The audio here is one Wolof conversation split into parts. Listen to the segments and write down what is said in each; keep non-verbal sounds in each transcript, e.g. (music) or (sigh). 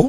ko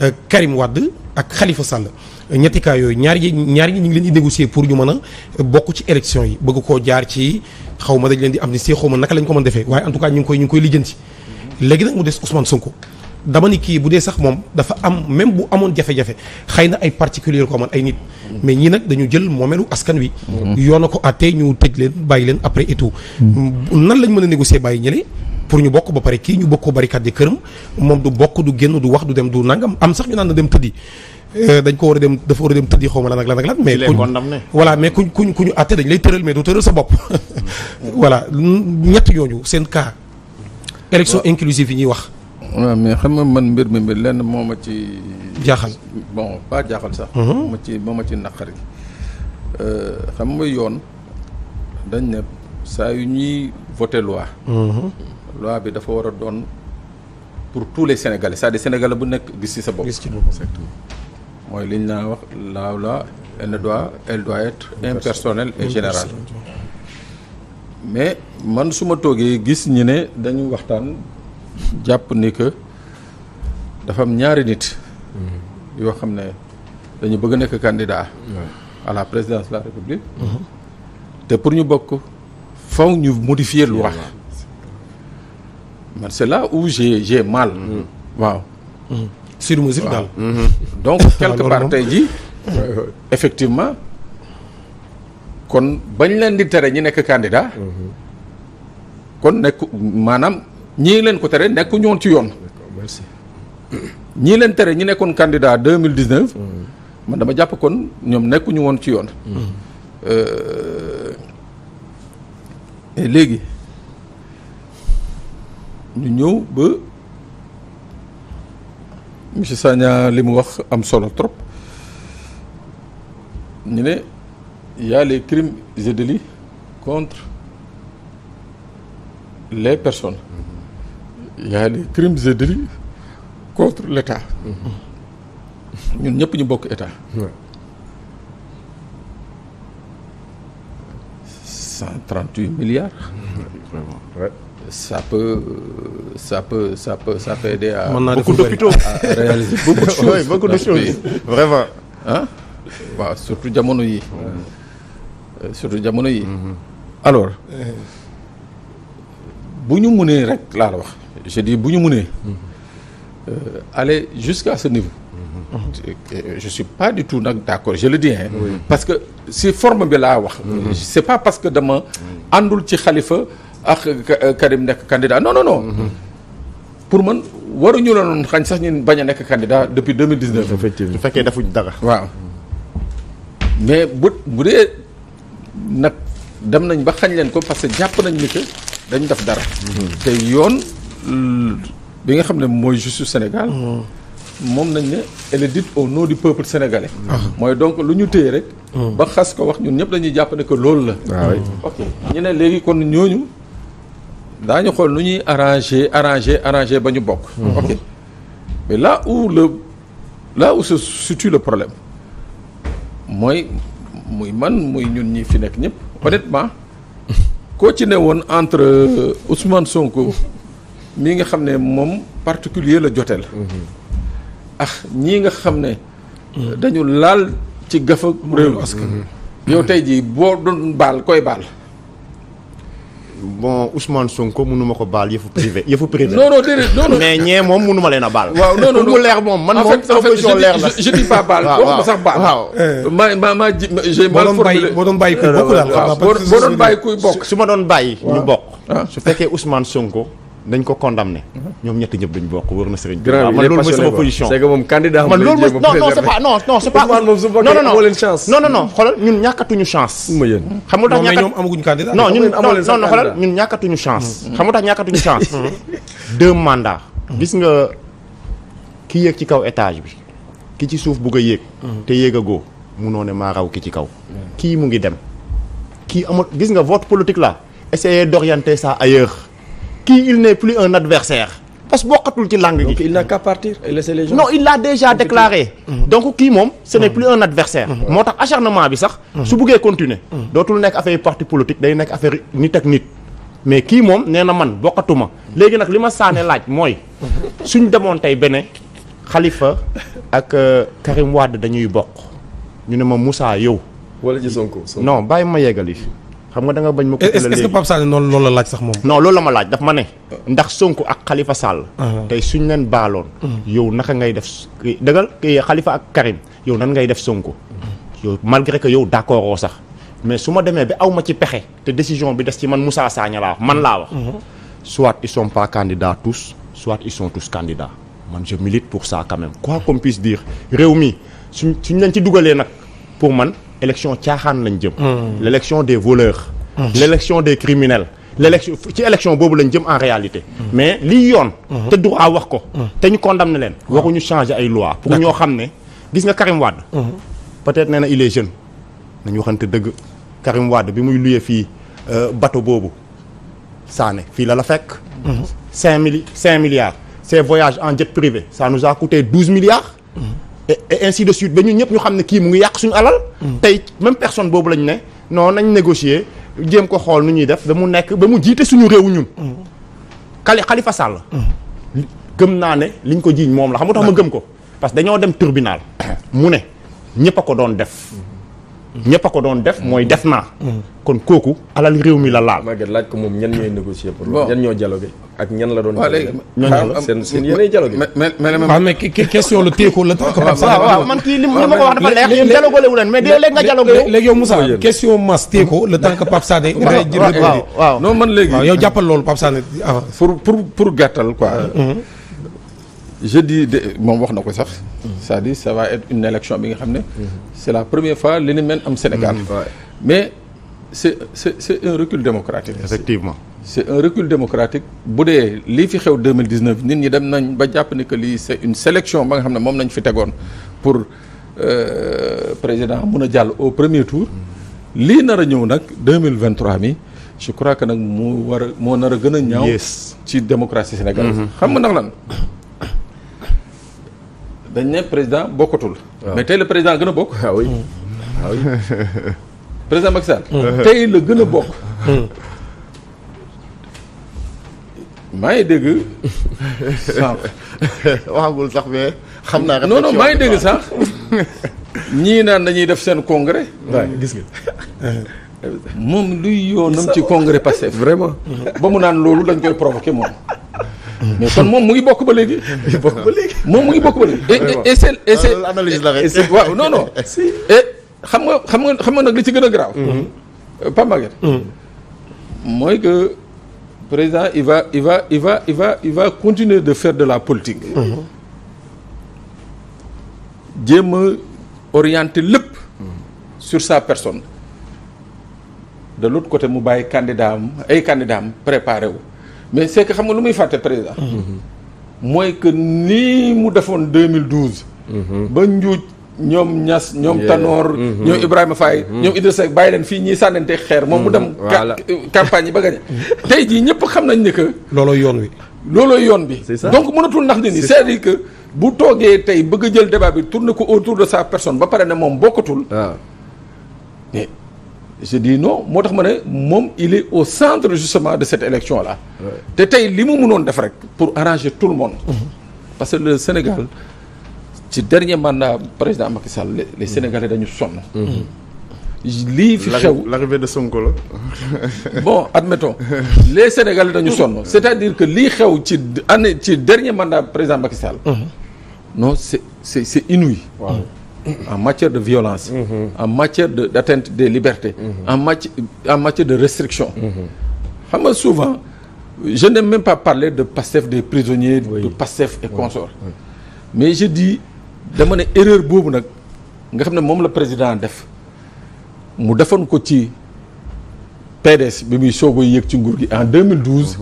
euh, Karim Wade ak Khalifa Sall ñetti cas yooyu ñaar yi ñaar yi ñu ngi leen di négocier pour ñu mën a bokk ci election yi bëgg koo jaar ci xaw ma dañ leen di amnistie xaw ma naka lañ ko mën defee waaye en tout cas ñu ngi koy ñu ngi koy lijjanti. léegi nag mu des Ousmane ko dama ni kii bu dee sax moom dafa am même bu amoon jafe-jafe xëy na ay particulier ko amoon ay nit. mais ñii nag dañu jël moomelu askan wi. Mm-hmm. yoona ko àttee ñu tëj leen bàyyi leen après et tout. Mm-hmm. nan lañ mën a négocier bàyyi ñële. pour ñu bokk ba pare kii ñu bëgg ko barricade këram moom du bokk du génn du wax du dem du nangam am sax ñu naan na dem tëddi euh, dañ ko war a dem dafa war a dem tëddi xaw ma lan ak lan ak mais voilà mais kuñ kuñ ku ñu àtte dañ lay tëral mais du tëral sa bopp (laughs) voilà ñett ñooñu seen cas élection inclusive yi ñuy wax mais xam nga man mbir mi mbir lenn moo ma ci jaaxal bon pas jaaxal sax mhm. moo ma ci moo ma ci naqari euh, xam ma yoon dañ ne saa yu ñuy voté loi. Mhm. loi bi dafa war a doon pour tous les sénégalais c'est-à-dire bu nekk gis ci sa bopp. gis ci mooy liñ naa naan wax la loi elle ne doit elle doit être et générale. mais man suma ma toogee gis ñi ne dañu waxtaan jàpp ni que dafa am ñaari nit. Mhm. yoo xam ne dañu bëgg nekk candidat. à la présidence de la république. Mhm. te pour ñu bokk. faw ñu modifier lu wax man c'est là mal mm. waaw sur mesure mm-hmm. donc (laughs) quelque part tey jii effectivement kon bañ leen di tere ñi nekk candidat mm-hmm. kon nekk maanaam ñii leen ko tere nekk woon ci yoon ñii leen tere ñi nekkoon candidat 2019 mm-hmm. man dama jàpp kon ñoom nekkuñu woon ci yoon euh, léegi ñu ñëw ba monsieur Sagna li mu wax am solo trop ñu ne y a les crimes et délits contre les personnes mm-hmm. y a les crimes et délits contre l'État mm-hmm. ñun ñëpp ñu bokk État. cent trente-huit milliards. Vraiment. Ouais. ça peut ça peut aider à. beaucoup d'hôpitaux à réaliser (laughs) beaucoup de choses. beaucoup de choses vraiment. ah surtout jamono yi. Euh, surtout jamono yi. Mhm. alors euh. bu ñu mënee rek laa la wax. je dis bu ñu mënee. Mhm. Euh, aller jusqu'à ce niveau. je suis pas du tout nag d'accord je le dis hein. parce que si forme bi laa wax. c'est pas parce que dama àndul ci Khalifa ak Karim nekk candidat non non non. Mhm. pour man waruñu la noon xañ sax ñun bañ a nekk candidat depuis 2019. effectivement bu fekkee defuñ daga waaw mais bu bu dee nag dem nañ ba xañ leen ko parce que jàpp nañ ni que dañ def dara. Mhm. te yoon bi nga xam ne mooy justice Sénégal. Mhm. moom nañ ne elle est dite au nom du peuple sénégalais. Ah. mooy donc lu ñu téye rek. Hmm. ba xas ko wax ñun ñëpp lañuy jàpp ne loolu la. Ah ok ñu ne léegi kon ñooñu daañu xool nu ñuy arranger arranger arranger ba ñu bokk. Hmm. ok mais là où le là où se situe le problème mooy muy man muy ñun ñi fi nekk ñëpp hmm. honnêtement koo ci ne woon entre euh, Ousmane Sonko mi nga xam ne moom particulier la joteel. ak ñii nga xam ne dañu laal ci gafa réew askan mm-hmm. tey jii boo doon baal koy baal bon Ousmane Sonko mënuma ko baal yëfu privé yëfu moom mënuma leen a waaw non non mu moom man moom sama position leer la. je dis pas baal waxuma sax baal. waaw eh. ma ma ma ji j'ai mal formulé. bokk su ma doon bàyyi ñu bokk. Ah. su fekkee Ousmane Sonko. nañ ko condamné ñoom ñetti ñëpp duñ bokk wër na Serigne Touba man loolu mooy sama position c'est que moom man loolu mooy non non c'est pas non non c'est ñun ñàkkatuñu chance xam nga tax ñàkkat ñoom amaguñu candidat non ñun non non xoolal ñun ñàkkatuñu chance mm-hmm. xam nga tax ñàkkatuñu chance mm-hmm. gis nga ki yéeg ci kaw étage bi ki ci suuf bugg a yéeg mm-hmm. te yéegago a goo munoo ne maa raw ki ci kaw kii mu ngi dem kii amul gis nga vote politique la essayer d'orienter ça ailleurs kii il n'est plus un adversaire parce que bokkatul ci langue gi. donc il n'a qu'à partir et laisser l'a déjà déclaré. Mmh. donc kii moom ce n'est mmh. plus un adversaire mmh. moo tax acharnement bi sax. su buggee continuer. dootul nekk affaire parti politique day nekk affaire nit ak nit. mais kii moom nee na man bokkatuma léegi nag li ma sànne laaj mooy. suñ demoon tey bene xalifa ak euh, Karim Wade dañuy bokk ñu ne ma Moussa yow. wala ci Sonko non bàyyi ma yeggali. xam nga da bañ ma. coupé la léegi est-ce que Pape Sané noonu loolu la laaj sax moom. non loolu la ma laaj daf ma ne. Ah. ndax Sonko ak Khalifa Sall. Ah. tey suñ leen baaloon. Hmm. yow naka ngay def dëggal xalifa ak Karim yow nan ngay def sonk hmm. yow malgré que yow d'accord sax mais su ma demee bi aw ma ci pexe te décision bi des ci man musaa Sagna laa wax man laa wax. Hmm. soit ils sont pas candidats tous soit ils sont tous candidats man je milite pour ça quand quoi qu'on puisse dire réew mi su suñ leen ci dugalee nag pour man. élection caaxaan lañ jëm. Hmm. l' élection des voleurs. Hmm. l' des criminels. l' élection ci élection boobu lañ jëm en réalité. Hmm. mais lii yoon. te droit wax ko. te ñu condamné leen. waxuñu changer ay loi pour ñoo xam ne gis nga Karim Wade. peut-être nee na il est jeune. nañu te dëgg Karim Wade bi muy luyee fii euh, bateau boobu Sané fii la la fekk. cinq mille cinq milliards. ses voyages en jet privé ça nous a coûté douze milliards. et ainsi de suite ba ñu ñëpp ñu xam ne kii mu ngi yàq suñu alal. Mm. tey même personne boobu lañu ne non nañ négocier jéem ko xool nu ñuy def ba mu nekk ba mu jiite suñu réew ñun. Kali mm. xalifa sàll mm. gëm naa ne liñ ko jiiñ moom la xam nga tax ma gëm ko. parce que dañoo dem tribunal (coughs) mu ne ñëpp a ko doon def. Mm-hmm. ñëpp a ko doon def mooy def naa. kon kooku alal réew mi la laal. Maguette laaj ko moom ñan ñooy négocier pour loolu. ñan ñoo dialogué ak ñan la doon. waaw léegi seen seen yéenay dialogué. mais mais mais ah, question la téye ko la. man ko léegi yow jàppal loolu Pape ah. pour pour pour gàttal quoi. Mm-hmm. jeu di de moom wax na ko sax. Mm-hmm. c'est-à-dire ça va être une élection bi nga xam ne. Mm-hmm. c'est la première fois li ni mel am Sénégal. Mm-hmm. mais c'est c'est c'est un recul démocratique. effectivement c'est un recul bu dee lii fi xew 2019 nit ñi dem nañ ba jàpp ne que lii c'est une sélection ba nga xam ne moom nañ fi tegoon pour euh, président mun a jàll au premier tour. lii nar a ñëw nag 2023 mi je crois que nag mu war a moo nar a gën a ñaaw. ci démocratie sénégalaise. xam nga ndax la dañ ne président bokkatul. mais tey la président gën a bokk. ah oui hmm. ah oui (laughs) président hmm. la gën a bokk. Hmm. maa ngi dégg sànq. (laughs) waxagul sax mais xam naa. non non maa ngi dégg sànq. ñii naan dañuy def seen congrès. waaw gis nga. moom luy yoonam ci congrès Pastef. vraiment. ba mu naan loolu dañ koy provoquer moom. mais kon moom mu ngi bokk ba léegi. mu ngi bokk ba léegi moom mu ngi bokk ba léegi. et et c'est et ah, c'est analyse la rek waaw non non. (laughs) xam nga xam nga xam nga nag li ci gën a grave. Mm-hmm. Euh, Pape Maguette. Mm-hmm. mooy que président il va il va il va il va il va continuer de fair de la politique. Mm-hmm. jéem a orienter lépp. sur sa personne. de l'autre côté mu bàyyi candidat am ay candidat am wu. mais c'est xam nga lu muy fàtte président. mooy que nii mu defoon 2012. ba njuuj ñoom Niass ñoom Tanor. Mm-hmm. ñoom Ibrahima Faye mm-hmm. ñoom Idrissa bàyyi leen fii ñii sànnante xeer. moom mu dem mm-hmm. campagne yi ba gañe (laughs) tey jii ñëpp xam nañ ne que. loolooy yoon wi. loolooy yoon bi. donc mënatul ndax nit ñi c'est-à-dire que bu toogee tey bëgg a jël débat bi tour tourner ko autour de sa personne ba pare na moom bokkatul. Ah. je dis non moo tax ma ne moom il est au centre justement de cette élection la te tey li mu mënoon def rek pour arranger tout le monde mhm. parce que le Sénégal ci dernier mandat président Macky Sall les Sénégalais dañu sonn mhm. lii fi xew de Sonko la (laughs) bon admettons les Sénégalais dañu sonn mhm. c'est-à-dire que lii xew ci année ci dernier mandat président Macky Sall non c'est c'est c'est waaw en matière de violence mm-hmm. en matière de d'atteinte des libertés mm-hmm. en matière en matière de restriction mm-hmm. xam nga souvent jeune de même pas parlé de Pastef des prisonniers oui. de Pastef et consorts mais je di dama ne erreur boobu nag nga xam ne moom la président def mu defoon ko ci PDS bi muy soog a yéeg ci nguur gi en 2012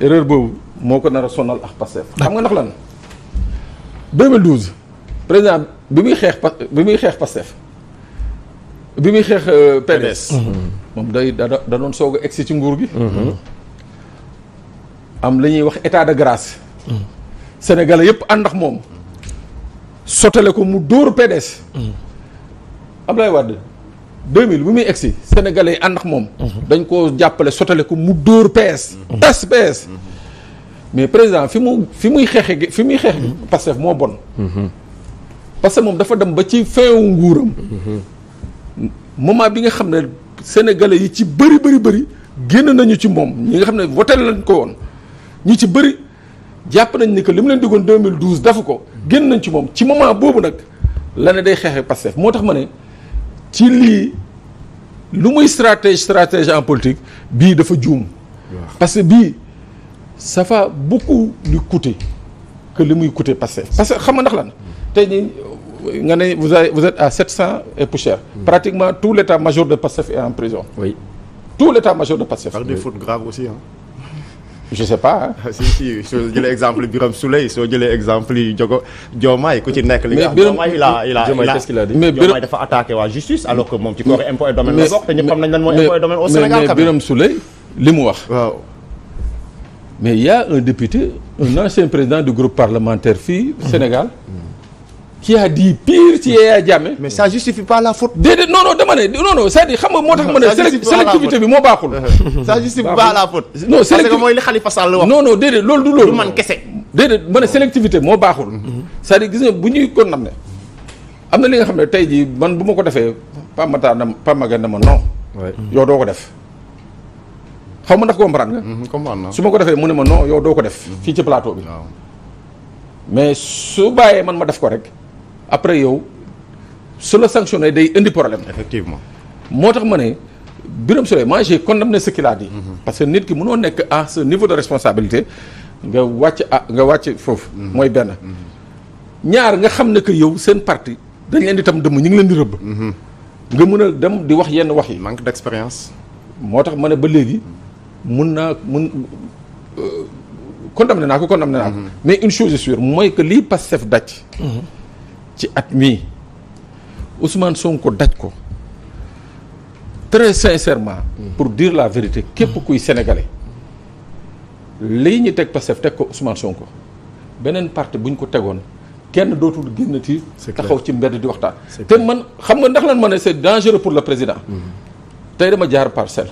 erreur boobu moo ko nar a sonal ak Pastef xam nga ndax lan 2012 président bi muy xeex pa bi muy xeex Pastef bi muy xeex euh, PDS. Mm-hmm. moom day da da doon soog a egsi ci nguur gi. Mm-hmm. am la ñuy wax état de grâce. Mm-hmm. Sénégalais yëpp ànd ak moom. sotale ko mu dóor lay Ablaye Wade 2000 bi muy egsi Sénégalais yi ànd ak moom. dañ ko jàppale sotale ko mu dóor PS. tas PS. mais président fi mu fi muy xeexe fi muy xeex gi Pastef moo bon. parce que moom dafa dem ba ci fin wu nguuram. moment bi nga xam ne sénégalais yi ci bëri bëri bëri génn nañu ci moom ñi nga xam ne voté lañ ko woon ñu ci bëri jàpp nañ ni que li mu leen digoon 2012 dafa ko génn nañ ci moom ci moment boobu nag la ne day xeexee Pastef moo tax ma ne ci lii lu muy stratége stratégie en politique bii dafa juum. parce que bii ça va beaucoup lui coûter li muy coûter Pastef parce que xam nga ndax lan tey ñi nga ne vous avez vous êtes à 700 et poussière. Hmm. pratiquement tout l'état-major de Pastef est en prison. oui tout l'état-major de Pastef. par des fautes graves aussi hein. je sais pas ah. (laughs) si soo jëlee exemple Birame Souleye soo jëlee exemple Jogo Diomaye ku ci nekk. li nga xam il a il a il justice alors que moom ci corps domaine la bokk te ñëpp li mu wax. waaw. mais il y a un député un ancien président du groupe parlementaire fii mmh. Sénégal. qui a dit pire ci Yaya Jammeh. mais ça justifie pas la faute. déedéet non dama ne non non cest xam nga moo tax ma ne. sélectivité bi moo baaxul. (laughs) ça justifie pas la faute. non sélectivité parce que mooy li Khalifa loolu du loolu. du man kese. déedéet ma ne sélectivité moo baaxul. Mhm. c'est-à-dire gis nga bu ñuy kon nam ne am na li nga xam ne tey jii man bu ma ko defee Pape Matar dama Pape Maguette dama non. yow doo ko def. xaw ma ndax comprendre nga. Mhm, comprendre naa su ma ko defee mu ne ma non yow doo ko def. Mhm. fii ci plateau bi. mais su bàyyee man ma def ko rek. après yow su la sanctionné day indi problème. effectivement moo tax ma ne Birame Souleye moi j'ai condamné ce qu'il a dit. Mhm. parce que nit ki mënoo nekk à ce niveau de responsabilité nga wàcc ah nga wàcc foofu. Mhm. mooy benn. Mhm. ñaar nga xam ne que yow seen parti dañ leen di tam dëmm ñu ngi leen di rëbb. nga mën a dem di wax yenn wax yi. manque d'expérience. moo tax ma ne ba léegi mun naa mun euh, condamné naa ko condamné naa ko. mais une chose est sûre mooy que lii Pastef daj. ci at mii Ousmane Sonko daj ko très sincèrement pour diir la vérité képp kuy sénégalais lii ñu teg Pastef teg ko Ousmane Sonko beneen parti bu ñu ko tegoon kenn dootul génnati taxaw ci mbedd di waxtaan te man xam nga ndax lan ma ne c'est dangereux pour le président mhm. tey dama jaar parcelle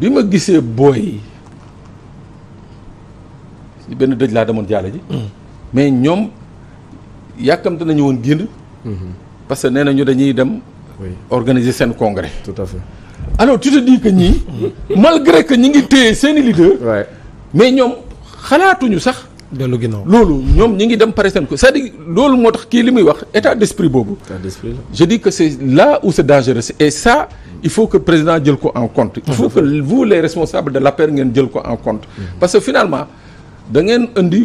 bi ma gisee booy benn dëj laa demoon jaale ji mhm. mais ñoom yàkkamte nañu woon génn. parce que nee nañu dañuy dem. organiser seen congrès. tout à fait alors tu te dis que ñii. malgré que ñi ngi téye seeni leader. mais ñoom xalaatuñu sax. dellu ginnaaw loolu ñoom ñi ngi dem pare seen ko cest à loolu moo tax kii li muy wax état d'esprit boobu. état d'esprit je dis que c'est là où c'est dangereux et ça il faut que président jël ko en compte. il faut que vous les responsables de l'APR ngeen jël ko en compte. Mm-hmm. parce que finalement da ngeen indi.